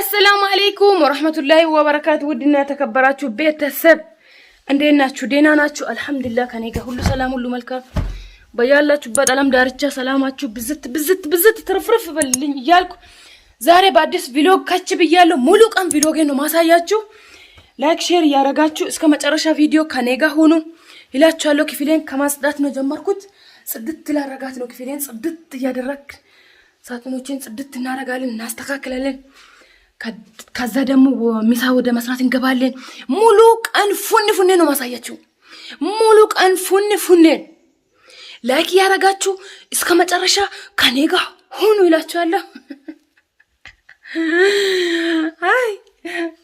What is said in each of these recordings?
አሰላሙ አሌይኩም ወረህመቱላሂ ወበረካቱ። ውድና የተከበራችሁ ቤተሰብ እንዴት ናችሁ? ደህና ናችሁ? አልሐምዱሊላህ ከኔ ጋር ሁሉ ሰላም፣ ሁሉ መልካም። በያላችሁበት አለም ዳርቻ ሰላማችሁ ብዝት ብዝት ብዝት ትርፍርፍ በልልኝ እያልኩ ዛሬ በአዲስ ቪሎግ ከች ብያለሁ። ሙሉ ቀን ቪሎጌ ነው ማሳያችሁ። ላይክ ሼር እያደረጋችሁ እስከ መጨረሻ ቪዲዮ ከኔ ጋር ሁኑ ይላችኋለሁ። ክፍሌን ከማጽዳት ነው ጀመርኩት። ጽድት ላረጋት ነው ክፍሌን ጽድት እያደረግ ሳጥኖችን ጽድት እናረጋለን፣ እናስተካክላለን ከዛ ደግሞ ሚሳ ወደ መስራት እንገባለን። ሙሉ ቀን ፉን ፉኔ ነው ማሳያችሁ። ሙሉ ቀን ፉን ፉኔ ላይክ ያረጋችሁ እስከ መጨረሻ ከኔ ጋ ሁኑ ይላችኋለሁ። አይ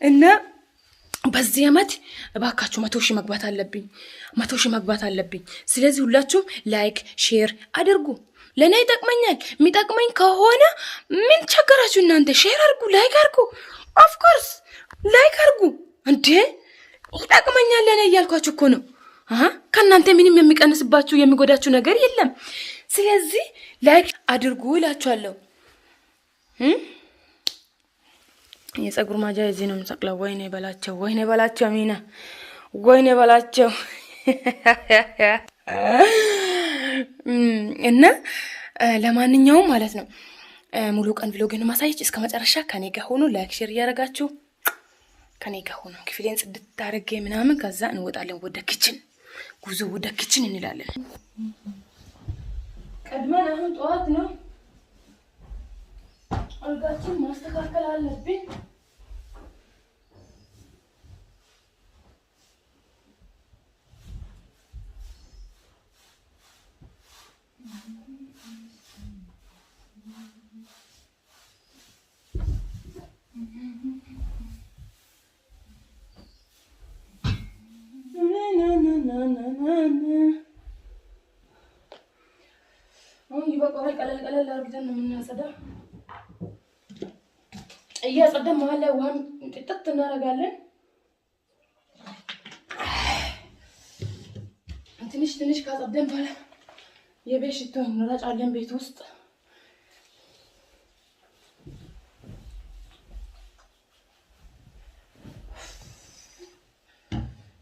እና በዚህ ዓመት እባካችሁ መቶ ሺህ መግባት አለብኝ፣ መቶ ሺህ መግባት አለብኝ። ስለዚህ ሁላችሁም ላይክ ሼር አድርጉ። ለእኔ ይጠቅመኛል። የሚጠቅመኝ ከሆነ ምን ቸገራችሁ እናንተ? ሼር አርጉ፣ ላይክ አርጉ፣ ኦፍኮርስ ላይክ አርጉ። እንዴ ይጠቅመኛል ለእኔ እያልኳችሁ እኮ ነው። ከእናንተ ምንም የሚቀንስባችሁ የሚጎዳችሁ ነገር የለም። ስለዚህ ላይክ አድርጉ እላችኋለሁ። የጸጉር ማጃ የዚህ ነው የምሰቅለው። ወይኔ በላቸው፣ ወይኔ በላቸው፣ ሚና ወይኔ በላቸው። እና ለማንኛውም ማለት ነው ሙሉ ቀን ቪሎግን ማሳየች እስከ መጨረሻ ከኔ ጋር ሆኖ ላይክ ሼር እያደረጋችሁ ከኔ ጋር ሆኖ ክፍሌን ጽድት አድርጌ ምናምን ከዛ እንወጣለን ወደ ክችን ጉዞ ወደ ክችን እንላለን። ቀድመን አሁን ጠዋት ነው አልጋችን ማስተካከል አለብን። ጠቅለል አድርገን ነው የምናጸዳው። እያጸዳን መሀል ላይ ውሃን ጥጥት እናደርጋለን። ትንሽ ትንሽ ካጸዳን በኋላ የቤት ሽቶ እንረጫለን ቤት ውስጥ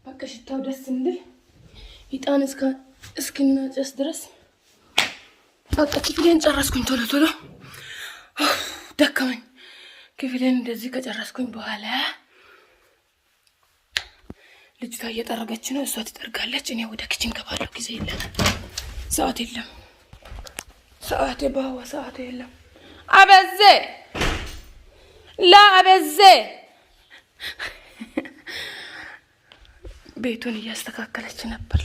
በቃ ሽታው ደስ እንድል ዕጣን እስክናጨስ ድረስ በቃ ክፍሌን ጨረስኩኝ። ቶሎ ቶሎ ደከመኝ። ክፍሌን እንደዚህ ከጨረስኩኝ በኋላ ልጅቷ እየጠረገች ነው። እሷ ትጠርጋለች፣ እኔ ወደ ኪችን ገባለሁ። ጊዜ የለም፣ ሰዓት የለም፣ ሰዓት ባዋ ሰዓት የለም። አበዜ ላ አበዜ ቤቱን እያስተካከለች ነበር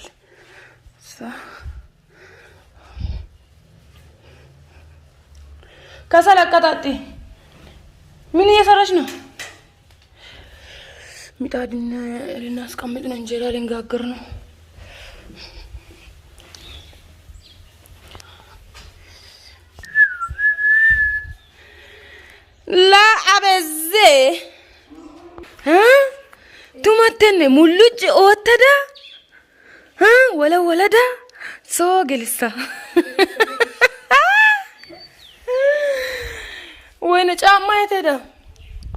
እሷ ከሰል አቀጣጤ ምን እየሰራች ነው? ሚጣድን ልናስቀምጥ ነው። እንጀራ ልንጋግር ነው። ላ አበዜ ቱመተን ሙሉጭ ወተዳ ወለወለዳ ሶ ግልሳ ወይኔ ጫማ የት ሄደ?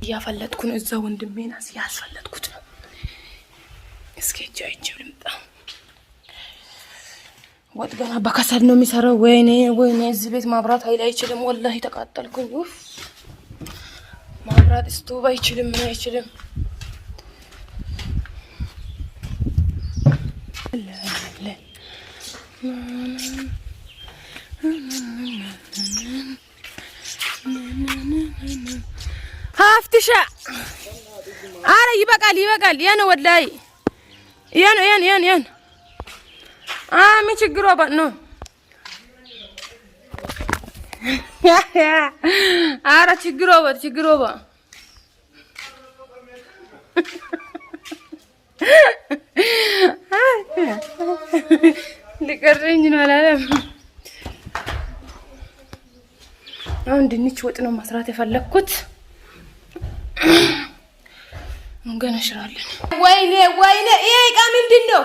እያፈለጥኩ ነው። እዛ ወንድሜን ያስፈለጥኩት ነው። እስኪ እጅ አይቼው ልምጣ። ወጥ ገና በከሰል ነው የሚሰራው። ወይኔ ወይኔ፣ እዚህ ቤት ማብራት ኃይል አይችልም። ወላሂ ተቃጠልኩኝ። ማብራት ስቶቭ አይችልም፣ ምን አይችልም። ለ ሁለት አረ ይበቃል፣ ይበቃል። ይሄ ነው ወላሂ፣ ይሄ ነው፣ አሚ ነው። ነው አላለም። አሁን ድንች ወጥ ነው መስራት የፈለግኩት። እንገነሽራለን። ወይኔ ወይኔ፣ ይሄ እቃ ምንድን ነው?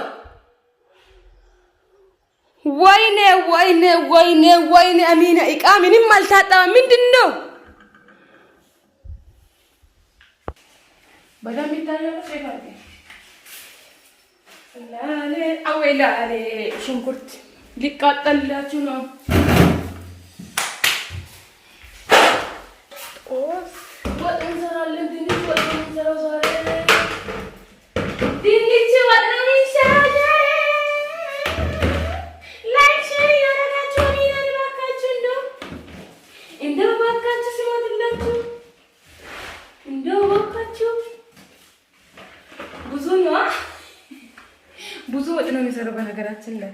ወይኔ ወይኔ ወይኔ ወይኔ፣ አሚና እቃ ምንም አልታጠበ። ምንድን ነው? በደንብ ይታያል። አወይላ ሽንኩርት ሊቃጠልላችሁ ነው። ወጥ እንሰራለን። ትንሽ ወጥ እንሰራው ዛሬ ወጥ ነው የሚሰራው በነገራችን ላይ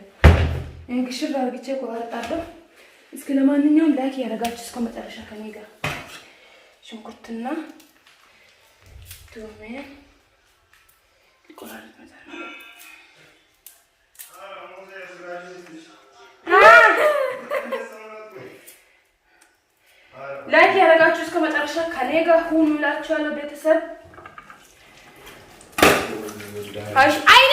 እንግሽር አርግቼ ቆራርጣለሁ። እስኪ ለማንኛውም ላይክ ያደረጋችሁ እስከ መጨረሻ ከኔ ጋር ሽንኩርትና ቱሜ ቆራርጥ ላይክ ያደረጋችሁ እስከ መጨረሻ ከኔ ጋር ሁኑ እላችኋለሁ ቤተሰብ አይኔ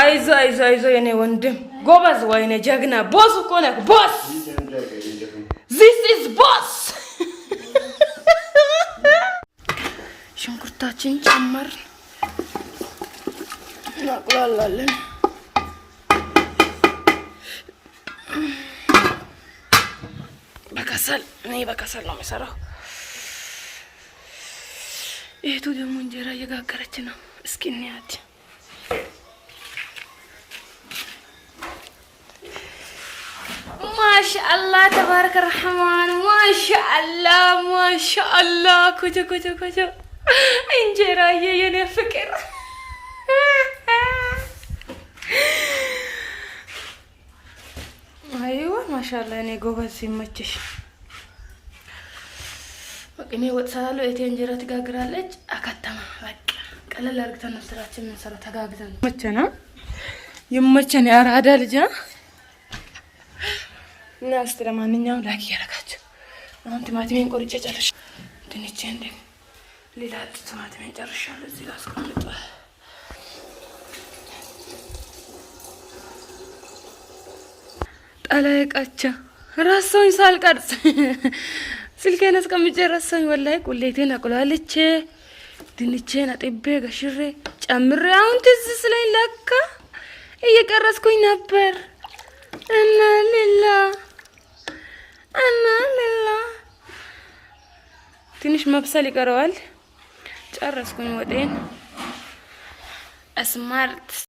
አይዞህ አይዞ አይዞ የኔ ወንድም ጎበዝ፣ ወይኔ ጀግና ቦስ እኮ ነህ ቦስ። ዚስ ኢዝ ቦስ። ሽንኩርታችን ጨመር እናቁላላለን። በከሰል እኔ በከሰል ነው የሚሰራው። ይህቱ ደግሞ እንጀራ እየጋገረች ነው። እስኪ እንያት። ማሻአላ ተባረከ ረሕማን። ማሻአላ ማሻአላ። ኮቾ ኮቾ ኮቾ እንጀራዬ፣ የኔ ፍቅር አይዋ ማሻአላ። እኔ ጎበዝ ይመችሽ። እኔ ወጥ እሰራለሁ፣ እቴ እንጀራ ትጋግራለች። አከተማ በቃ ቀለል አርግተን ነው ስራችን የምንሰራው፣ ተጋግዘን ነው። መቼ ነው ይመቸን፣ የአራዳ ልጅ እና እስቲ ለማንኛውም ላኪ እያደረጋችሁ አሁን ቲማቲሜን ቆርጬ ጨርሼ ድንቼ እንደ ሌላ ጥ ቲማቲሜን ጨርሻለሁ። እዚህ ጋር አስቀምጠዋል። ጠላይቃቸው ራሰውኝ ሳልቀርጽ ስልኬን አስቀምጬ ረሳኝ። ወላይ ቁሌቴን አቁላልቼ ድንቼን አጥቤ ገሽሬ ጨምሬ አሁን ትዝ ስለኝ ለካ እየቀረስኩኝ ነበር። እና ሌላ እና ሌላ ትንሽ መብሰል ይቀረዋል። ጨረስኩኝ ወጤን ስማርት